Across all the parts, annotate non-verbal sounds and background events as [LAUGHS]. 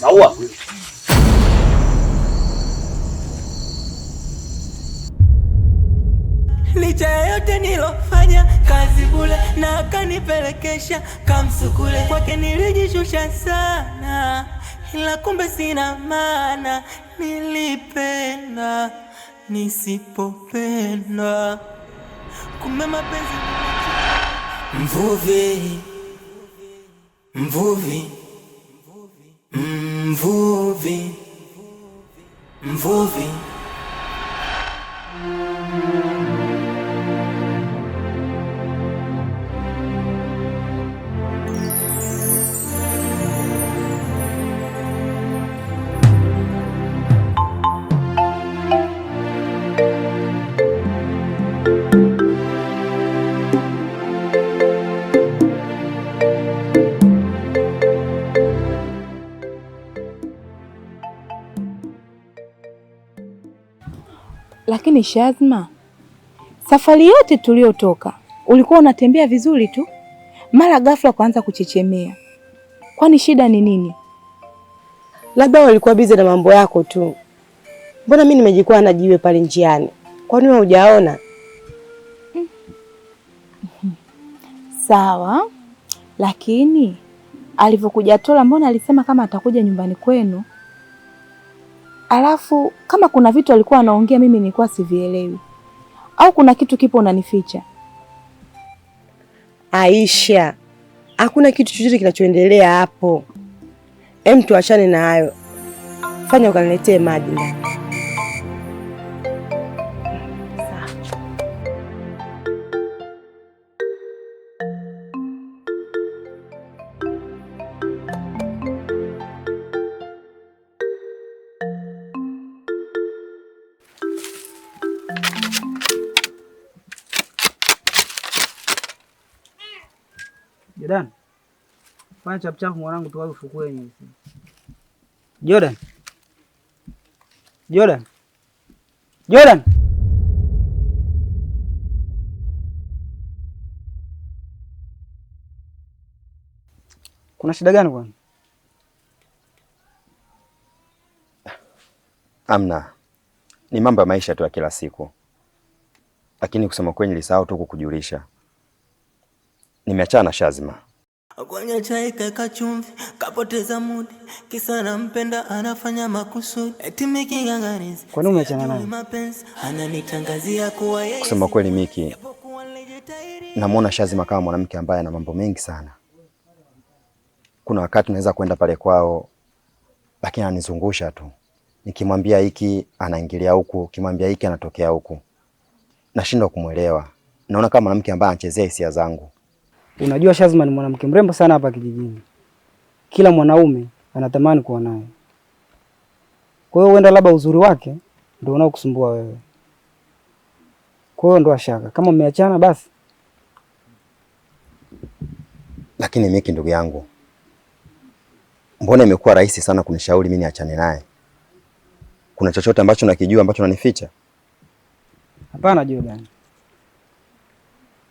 Maua. Licha ya yote nilofanya, kazi bule na akanipelekesha kamsukule kwake, nilijishusha sana, ila kumbe sina maana, nilipenda nisipopenda, kumbe mapenzi. Mvuvi, mvuvi Mvuvi, mvuvi. Lakini Shazma, safari yote tuliyotoka ulikuwa unatembea vizuri tu, mara ghafla kuanza kuchechemea. Kwani shida ni nini? Labda walikuwa bize na mambo yako tu. Mbona mimi nimejikuwa na jiwe pale njiani? Kwani wewe hujaona? [LAUGHS] Sawa, lakini alivyokuja Tola, mbona alisema kama atakuja nyumbani kwenu? Alafu kama kuna vitu alikuwa anaongea mimi nilikuwa sivielewi, au kuna kitu kipo unanificha? Aisha, hakuna kitu chochote kinachoendelea hapo. Hem, tuachane na hayo, fanya ukaniletee maji ndani. fanya chapuchapu mwanangu, tuwahi ufukweni. Jordan, Jordan, Jordan. Kuna shida gani kwani? Amna, ni mambo ya maisha tu ya kila siku, lakini kusema kweli nilisahau tu kukujulisha, nimeachana na Shazima. Kwenye chai kaeka chumvi, kapoteza mudi, kisa nampenda anafanya makusudi, eti Miki ng'ang'anizi. Kwa nini unachana naye? Mapenzi ananitangazia kuwa yeye. Kusema kweli, Miki namuona Shazima kama mwanamke ambaye ana mambo mengi sana. Kuna wakati naweza kwenda pale kwao, lakini ananizungusha tu, nikimwambia hiki anaingilia huku, kimwambia hiki anatokea huku, nashindwa kumwelewa. Naona kama mwanamke ambaye anachezea hisia zangu. Unajua Shazma ni mwanamke mrembo sana hapa kijijini, kila mwanaume anatamani kuwa naye. Kwa hiyo huenda labda uzuri wake ndio unaokusumbua wewe, kwa hiyo ndo ashaka. Kama mmeachana basi. Lakini Miki ndugu yangu, mbona imekuwa rahisi sana kunishauri mimi niachane naye? Kuna chochote ambacho nakijua ambacho unanificha? Hapana Jordan,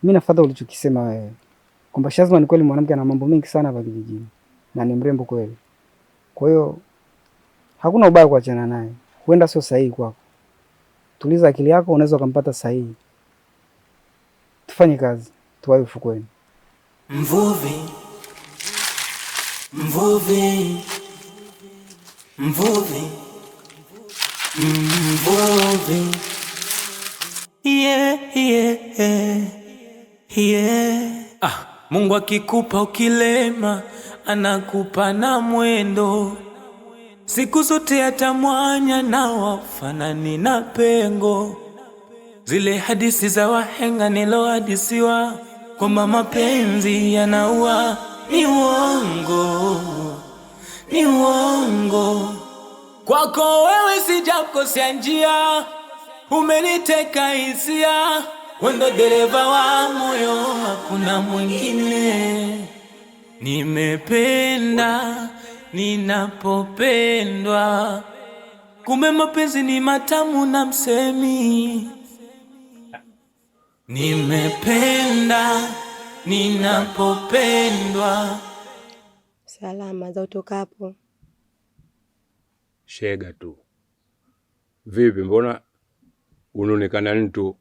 mimi nafuata ulichokisema wewe kwamba Shazma ni kweli mwanamke ana mambo mengi sana hapa kijijini na ni mrembo kweli. Kwa hiyo hakuna ubaya kuachana naye, huenda sio sahihi kwako. Tuliza akili yako, unaweza ukampata sahihi. Tufanye kazi, tuwahi ufukweni. Mvuvi, mvuvi, mvuvi, mvuvi. Yeah, yeah, yeah. Ah. Mungu akikupa ukilema, anakupa na mwendo siku zote, atamwanya na wafanani na pengo. Zile hadisi za wahenga nilohadisiwa kwamba mapenzi yanaua, ni uongo, ni uongo. Kwako wewe sijakosea njia, umeniteka hisia wendo dereva wa moyo, hakuna mwingine. Nimependa ninapopendwa, kumbe mapenzi ni matamu na msemi. Nimependa ninapopendwa. Salama za utokapo shega tu. Vipi, mbona unaonekana mtu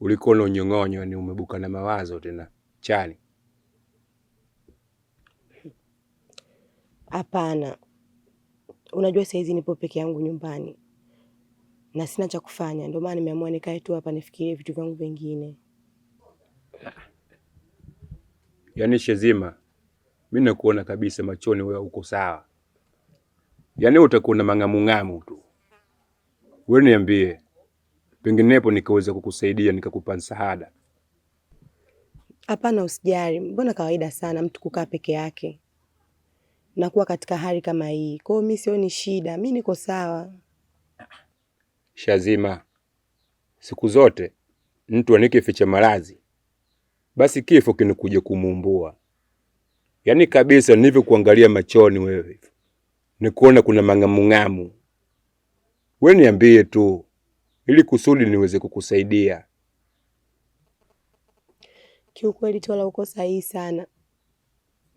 ulikuwa unyong'onyo, ni umebuka na mawazo tena chali? Hapana, unajua saizi nipo peke yangu nyumbani na sina cha kufanya, ndio maana nimeamua nikae tu hapa nifikirie vitu vyangu vingine. Yaani Shezima, mi nakuona kabisa machoni, wewe uko sawa, yaani utakuwa na mang'amung'amu tu. Wewe niambie penginepo nikaweza kukusaidia nikakupa msaada. Hapana, usijali. Mbona kawaida sana mtu kukaa peke yake nakuwa katika hali kama hii. Kwa hiyo mi sioni shida, mi niko sawa. Shazima, siku zote mtu anikificha maradhi, basi kifo kinikuja kumuumbua. Yaani kabisa, nivyo kuangalia machoni wewe, nikuona kuna mang'amung'amu. We niambie tu ili kusudi niweze kukusaidia. Kiukweli Tola, uko sahihi sana,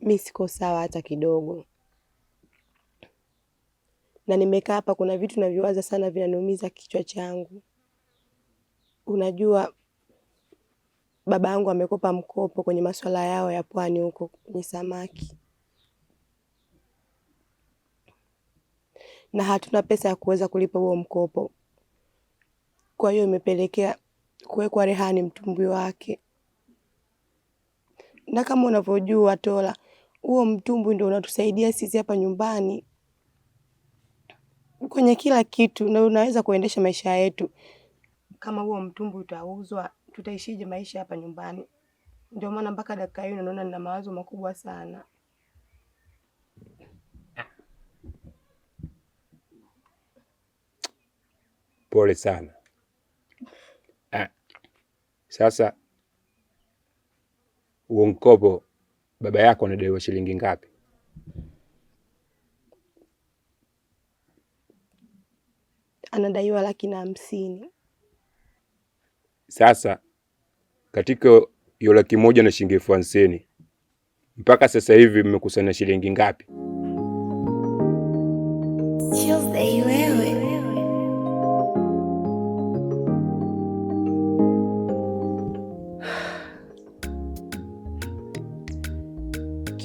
mi siko sawa hata kidogo, na nimekaa hapa, kuna vitu navyowaza sana, vinaniumiza kichwa changu. Unajua baba yangu amekopa mkopo kwenye masuala yao ya pwani huko kwenye samaki, na hatuna pesa ya kuweza kulipa huo mkopo. Kwa hiyo imepelekea kuwekwa rehani mtumbwi wake, na kama unavyojua Tola, huo mtumbwi ndio unatusaidia sisi hapa nyumbani kwenye kila kitu, na unaweza kuendesha maisha yetu. Kama huo mtumbwi utauzwa, tutaishije maisha hapa nyumbani? Ndio maana mpaka dakika hiyo naona nina mawazo makubwa sana. Pole sana sasa huo mkopo baba yako anadaiwa shilingi ngapi? Anadaiwa laki na hamsini. Sasa katika hiyo laki moja na shilingi elfu hamsini mpaka sasa hivi mmekusanya shilingi ngapi?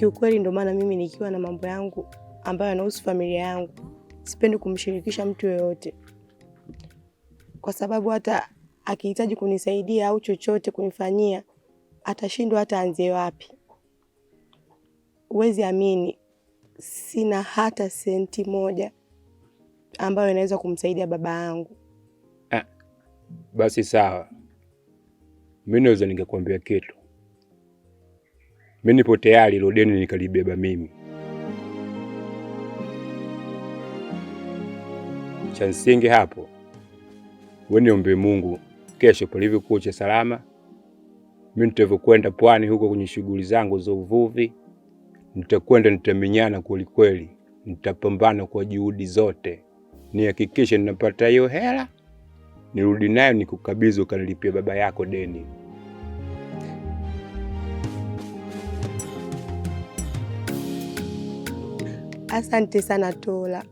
Kiukweli ndio maana mimi nikiwa na mambo yangu ambayo yanahusu familia yangu sipendi kumshirikisha mtu yoyote, kwa sababu hata akihitaji kunisaidia au chochote kunifanyia atashindwa hata anzie wapi. Huwezi amini, sina hata senti moja ambayo inaweza kumsaidia baba yangu. Ah, basi sawa, mi naweza ningekuambia kitu mimi nipo tayari hilo deni nikalibeba mimi. Cha msingi hapo wewe niombe Mungu, kesho palivyokucha salama, mimi nitavyokwenda pwani huko kwenye shughuli zangu za uvuvi, nitakwenda nitaminyana kwelikweli, nitapambana kwa juhudi zote nihakikishe ninapata hiyo hela, nirudi nayo nikukabidhi, ukanilipia baba yako deni. Asante sana Tola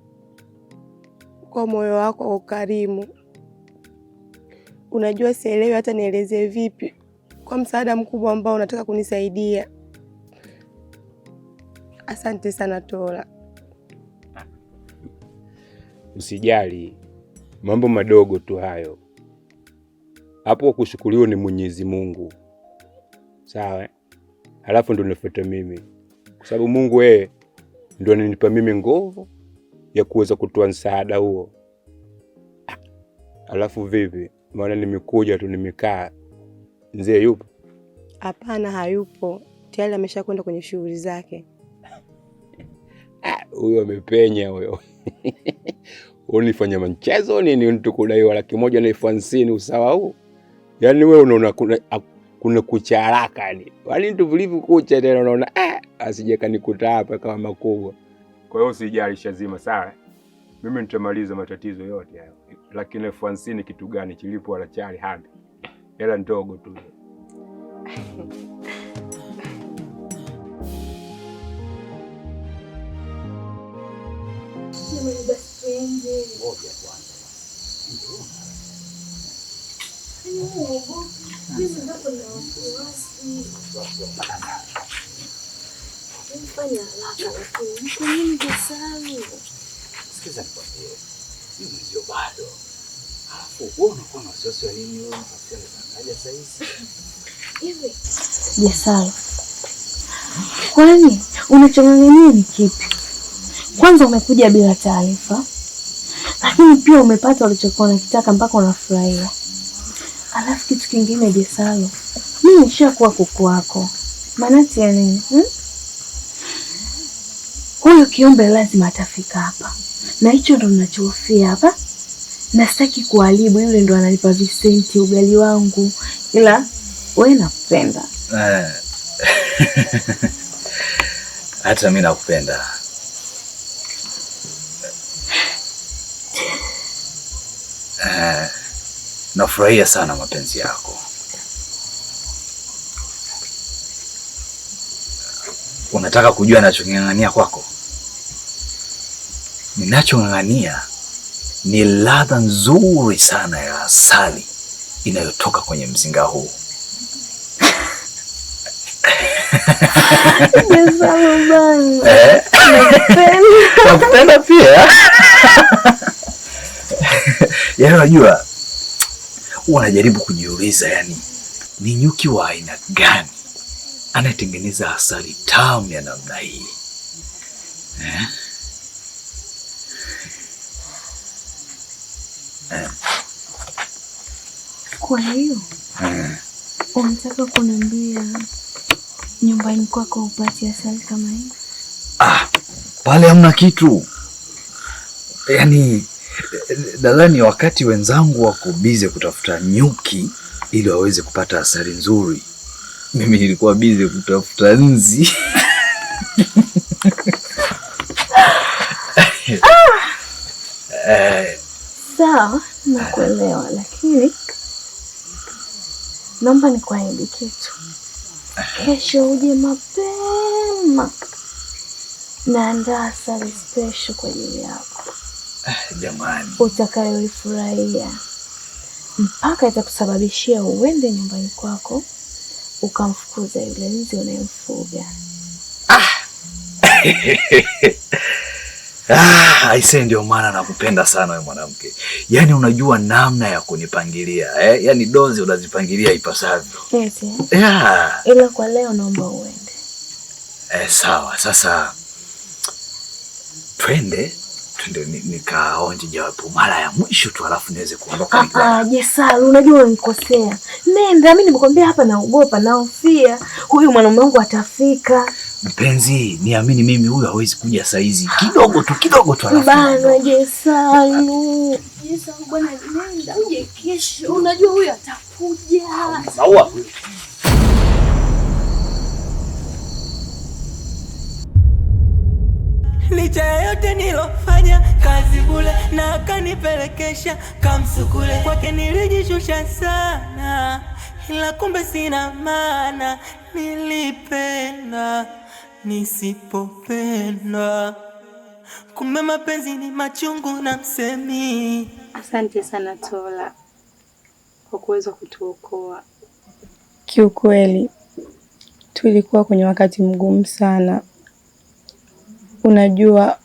kwa moyo wako wa ukarimu. Unajua sielewi hata nielezee vipi kwa msaada mkubwa ambao unataka kunisaidia. Asante sana Tola. Usijali, mambo madogo tu hayo. Hapo kushukuriwa ni Mwenyezi Mungu, sawa. Halafu eh? ndo nifuate mimi, kwa sababu Mungu yeye eh, ndio ananipa mimi nguvu ya kuweza kutoa msaada huo. Alafu vipi, maana nimekuja tu nimekaa, mzee yupo? Hapana, hayupo tayari, amesha kwenda kwenye shughuli zake. [LAUGHS] Ah, huyo amepenya huyo. Unifanya [LAUGHS] mchezo nini? Nitukudaiwa laki moja na elfu hamsini usawa huu? Yaani wewe unaona kuna kucha haraka yani. Yaani vilivyo kucha tena unaona eh, asije kanikuta hapa kama makubwa. Kwa hiyo usijali Shazima, sawa? Mimi nitamaliza matatizo yote hayo. Lakini elfu hamsini kitu gani chilipo wala chali hadi. Hela ndogo tu. [LAUGHS] Sikiza nikwambie, ndio bado. Alafu wewe unakuwa na wasiwasi wa nini? Wewe hivi Jasala, kwani unachong'ang'ania ni kipi? Kwanza umekuja bila taarifa, lakini pia umepata ulichokuwa nakitaka mpaka unafurahia. Alafu kitu kingine Jesalo, mi nishakuwa kuku wako, maanati ya nini hmm? Huyo kiumbe lazima atafika hapa, na hicho ndo nachohofia hapa. Nastaki kuharibu, yule ndo analipa visenti ugali wangu, ila we nakupenda. Eh. [LAUGHS] Hata mi nakupenda nafurahia sana mapenzi yako. Unataka kujua nachoking'ang'ania kwako? Ninachong'ang'ania ni ladha nzuri sana ya asali inayotoka kwenye mzinga huu. Nakupenda eh? [LAUGHS] pia. [LAUGHS] [LAUGHS] Yaani unajua huwa kujiuliza, yani ni nyuki wa aina gani anayetengeneza asali tamu ya namna hii eh? Eh. Kwa hiyo eh, unataka kuniambia nyumbani kwako upati asali kama hii? Ah, pale hamna kitu, yani nadhani wakati wenzangu wako bize kutafuta nyuki ili waweze kupata asali nzuri, mimi nilikuwa bize kutafuta nzi. Sawa, nakuelewa, lakini naomba nikuahidi kitu. Kesho uje mapema, naandaa asali special kwa ajili yako. Ah, jamani, utakayoifurahia mpaka itakusababishia uende nyumbani kwako ukamfukuza yule nzi unayemfuga. Ah, aisee, [LAUGHS] ah, ndio maana nakupenda sana wewe mwanamke, yaani unajua namna ya kunipangilia eh? Yaani dozi unazipangilia ipasavyo. Eh? yeah. Ila kwa leo naomba uende. Eh, sawa. Sasa twende ndio nikaonja japo mara ya mwisho tu, alafu niweze kuondoka. Ah, ah Jesalu, unajua unanikosea. Nenda, mimi nimekwambia hapa, naogopa naofia huyu mwanaume wangu atafika. Mpenzi, niamini mimi, huyu hawezi kuja saa hizi, kidogo tu kidogo tu, alafu bana. Jesalu, Jesalu bwana, nenda uje kesho, unajua huyu atakuja. licha ya yote nilofanya, kazi bule na akanipelekesha kamsukule kwake, nilijishusha sana, ila kumbe sina maana, nilipenda nisipopenda, kumbe mapenzi ni machungu na msemi. Asante sana Tola kwa kuweza kutuokoa. Kiukweli tulikuwa kwenye wakati mgumu sana unajua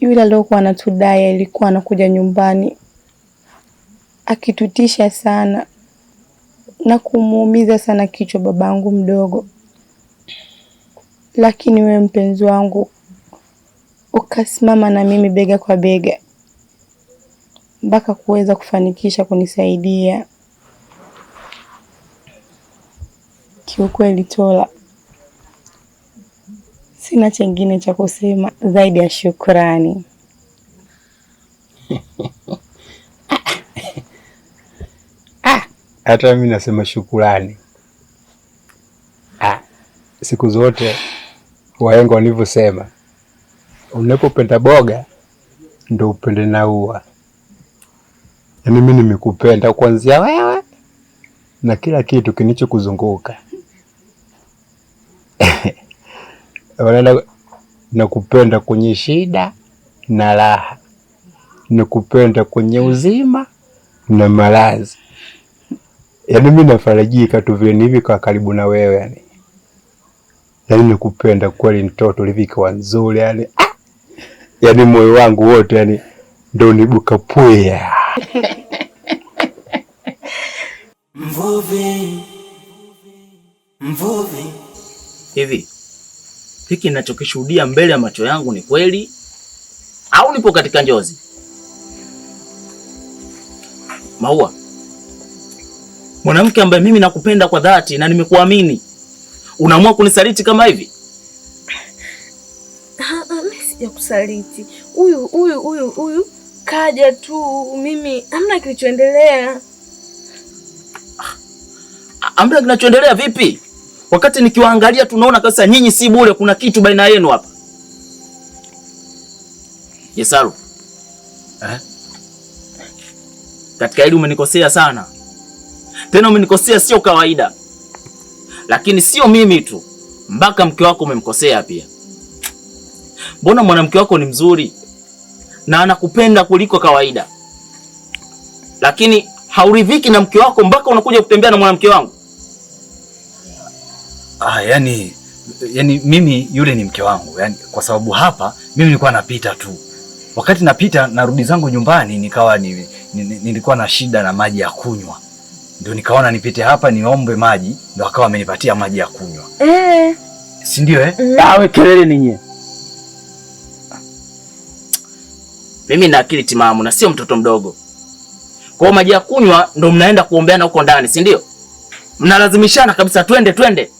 yule aliyokuwa anatudai alikuwa anakuja nyumbani akitutisha sana na kumuumiza sana kichwa babangu mdogo, lakini wewe mpenzi wangu ukasimama na mimi bega kwa bega mpaka kuweza kufanikisha kunisaidia. Kiukweli Tola, Sina chengine cha kusema zaidi ya shukrani. [LAUGHS] Ah, hata mimi nasema shukurani. Ah, siku zote wahenga walivyosema, unapopenda boga ndo upende na ua. Na yaani mimi nimekupenda kuanzia wewe na kila kitu kinichokuzunguka [LAUGHS] na nakupenda kwenye shida na raha, nakupenda kwenye uzima na maradhi. Yaani mimi nafarajika tu vile kwa karibu na wewe yani. Yaani nakupenda kweli mtoto, ulivyokuwa nzuri yani. Ah! Yaani moyo wangu wote yani ndio nibuka pwea. Mvuvi. Mvuvi. Hivi hiki ninachokishuhudia mbele ya macho yangu ni kweli au nipo katika njozi? Maua, mwanamke ambaye mimi nakupenda kwa dhati na nimekuamini, unaamua kunisaliti kama hivi? Ah, ah, mimi sijakusaliti. Huyu huyu huyu huyu kaja tu, mimi hamna kilichoendelea. Ah, hamna kinachoendelea vipi? Wakati nikiwaangalia tunaona kabisa nyinyi si bure, kuna kitu baina yenu hapa. Yesaru. Eh? Katika hili umenikosea sana. Tena umenikosea sio kawaida. Lakini sio mimi tu. Mpaka mke wako umemkosea pia. Mbona mwanamke wako ni mzuri na anakupenda kuliko kawaida, lakini hauridhiki na mke wako mpaka unakuja kutembea na mwanamke wangu? Ah, yani yani mimi yule ni mke wangu yani, kwa sababu hapa mimi nilikuwa napita tu, wakati napita narudi zangu nyumbani nikawa ni, ni, nilikuwa na shida na maji ya kunywa, ndio nikaona nipite hapa niombe maji, ndio akawa amenipatia maji ya kunywa eh, si ndio eh? Mm. Awe kelele ninyi, mimi na akili timamu na sio mtoto mdogo. Kwa maji ya kunywa ndio mnaenda kuombeana huko ndani, si ndio? Mnalazimishana kabisa, twende twende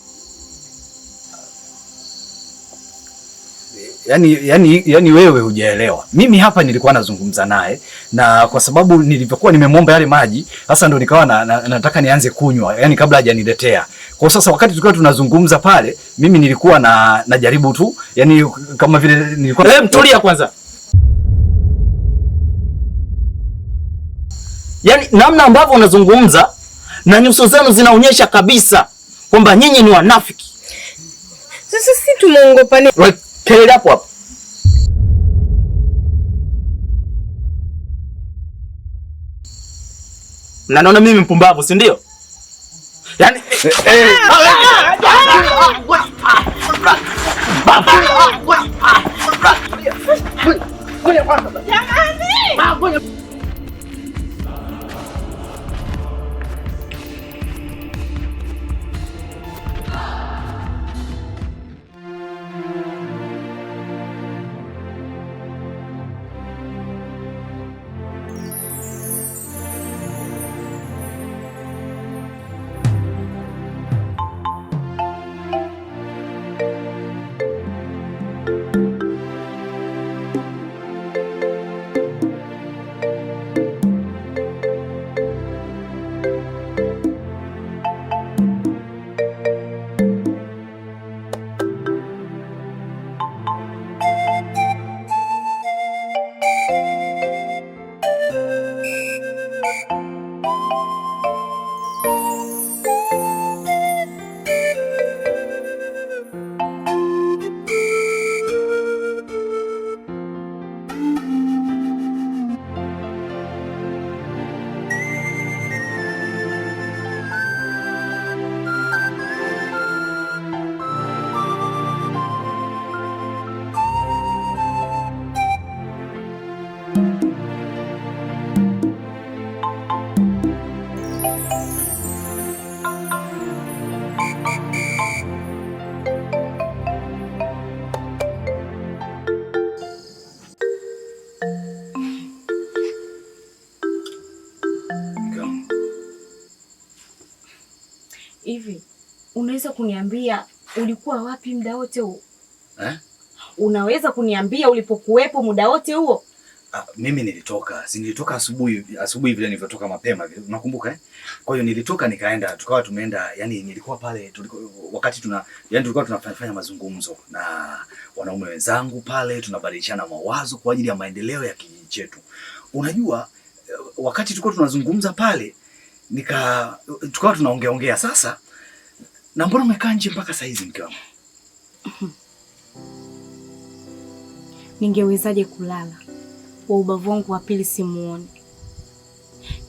yani, yani, yani wewe hujaelewa. Mimi hapa nilikuwa nazungumza naye na kwa sababu nilivyokuwa nimemwomba yale maji sasa ndo nikawa na, na, nataka nianze kunywa yani kabla hajaniletea. Kwa sasa wakati tukiwa tunazungumza pale mimi nilikuwa na najaribu tu yani kama vile nilikuwa hey, mtulia kwanza. Yani namna ambavyo unazungumza na nyuso zenu zinaonyesha kabisa kwamba nyinyi ni wanafiki. Sasa si ni... Right. Kelele hapo hapo. Na mimi mpumbavu, si ndio? Yaani eh, eh. kabisa kuniambia ulikuwa wapi muda wote huo eh? Unaweza kuniambia ulipokuwepo muda wote huo? Ah, mimi nilitoka, si nilitoka asubuhi, asubuhi vile nilivyotoka mapema vile, unakumbuka eh? Kwa hiyo nilitoka nikaenda, tukawa tumeenda, yani nilikuwa pale tuliko, wakati tuna yani tulikuwa tunafanya mazungumzo na wanaume wenzangu pale, tunabadilishana mawazo kwa ajili ya maendeleo ya kijiji chetu. Unajua eh, wakati tulikuwa tunazungumza pale nika tukawa tunaongea ongea sasa na mbona umekaa nje mpaka saa hizi mke wangu? [LAUGHS] Ningewezaje kulala? Wa ubavu wangu wa pili simuoni.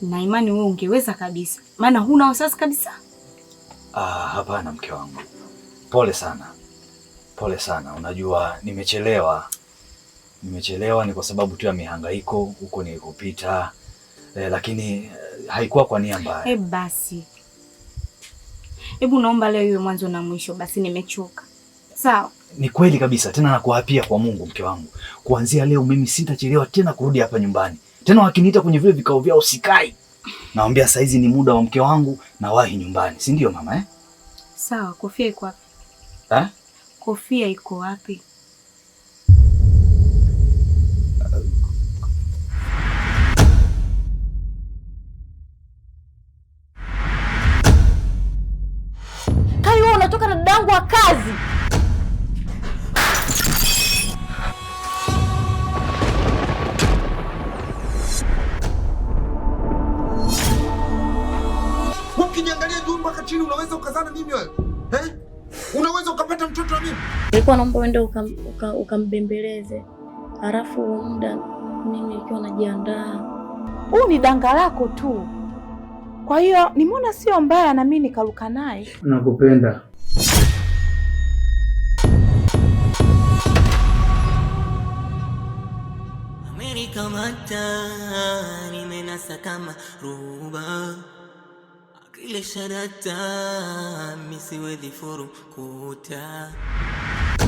Na imani wewe ungeweza kabisa, maana huna wasiwasi kabisa. Ah, hapana mke wangu, pole sana, pole sana. Unajua nimechelewa, nimechelewa ni kwa sababu tu ya mihangaiko huko nilikopita, eh, lakini eh, haikuwa kwa nia mbaya. Eh, basi Hebu naomba leo iwe mwanzo na mwisho, basi nimechoka. Sawa. Ni kweli kabisa, tena nakuapia kwa Mungu, mke wangu, kuanzia leo mimi sitachelewa tena kurudi hapa nyumbani. Tena wakiniita kwenye vile vikao vyao sikai. Naambia saizi ni muda wa mke wangu na wahi nyumbani, si ndio mama eh? Sawa, kofia iko wapi? Eh? Kofia iko wapi? wangu wa kazi. Ukiniangalia juu mpaka chini, unaweza ukazana mimi wewe eh? Unaweza ukapata mtoto na mimi? Nilikuwa naomba uende ukambembeleze uka, uka halafu muda mimi nikiwa najiandaa. Huu ni danga lako tu, kwa hiyo nimeona sio mbaya na mimi nikaruka naye. Nakupenda. hata nimenasa kama ruba akile sharata misiwezi furu kuta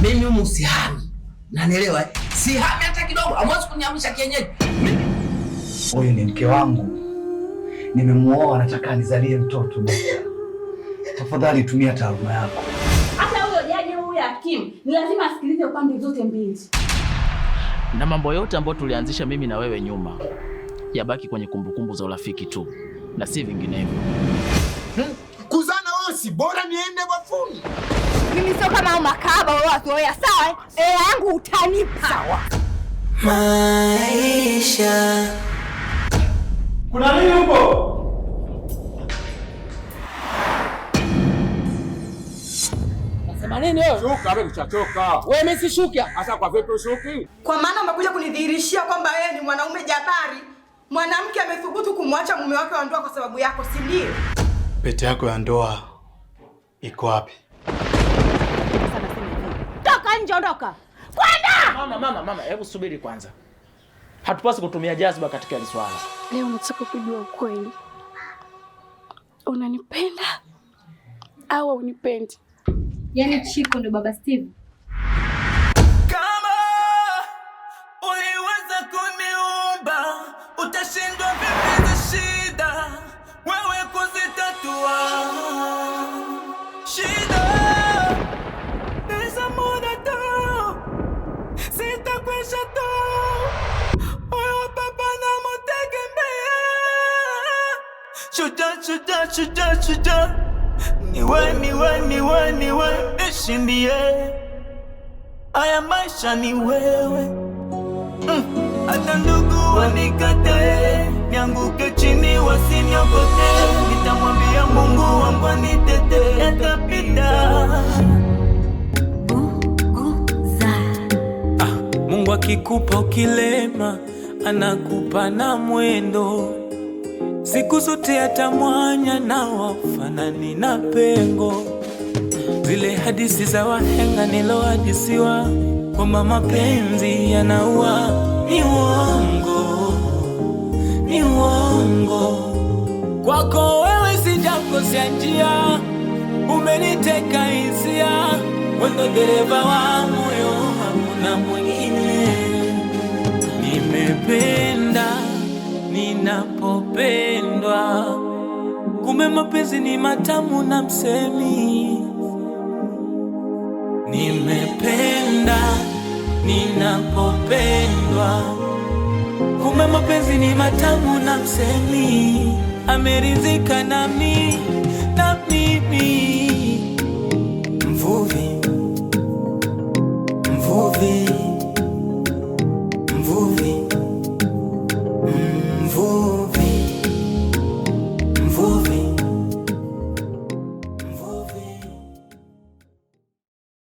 mimi humu sihami, nanielewa Sihami hata kidogo, hamwezi kuniamsha kienyeji. Huyu ni mke wangu, nimemuoa, nataka nizalie mtoto. Tafadhali tumia taaluma yako. Hata huyo jaji huyo hakimu ni lazima asikilize pande zote mbili na mambo yote ambayo tulianzisha mimi na wewe nyuma yabaki kwenye kumbukumbu za urafiki tu na si vinginevyo. Hmm, kuzana wewe si bora niende bafuni. Mimi sio kama au makaba wewe wazoea sawa. Eh, ee yangu utanipa. Sawa. Maisha. Kuna nini huko? Unasema nini wewe? Choka wewe, ushachoka. Wewe Messi shuka. Sasa kwa vipi ushuki? Kwa maana umekuja kunidhihirishia kwamba yeye ni mwanaume jabari. Mwanamke amethubutu kumwacha mume wake wa ndoa kwa sababu yako, si ndio? Pete yako ya ndoa iko wapi? Toka nje, ondoka. Kwenda. Mama, mama, mama, hebu subiri kwanza. Hatupasi kutumia jazba katika hili swala. Leo nataka kujua kweli. Unanipenda au unipendi? Yaani Chiko ndio baba Steve. Kama uliweza kuniumba, utashindwa vipi shida wewe kuzitatua? Shida pesa muda tu, sitakuisha tu. Huyo baba namutegemea. Chuda, chuda, chuda, chuda niwe niwe niwe niwe nishindie haya maisha ni wewe mm, hata ndugu wanikatae nianguke chini wasiniogote nitamwambia Mungu wangu anitete yatapita ah, Mungu akikupa ukilema anakupa na mwendo siku zote atamwanya na wafanani na pengo, zile hadisi za wahenga nilohadisiwa kwamba mapenzi yanaua, ni uongo, ni uongo. Kwako wewe sijakosea njia, umeniteka hisia, wendo dereva wa moyo, hakuna mwingine. Nimependa ninapopenda kuelewa, kumbe mapenzi ni matamu na msemi. Nimependa ninapopendwa, kumbe mapenzi ni matamu na msemi. Ameridhika nami na mimi mvuvi mvuvi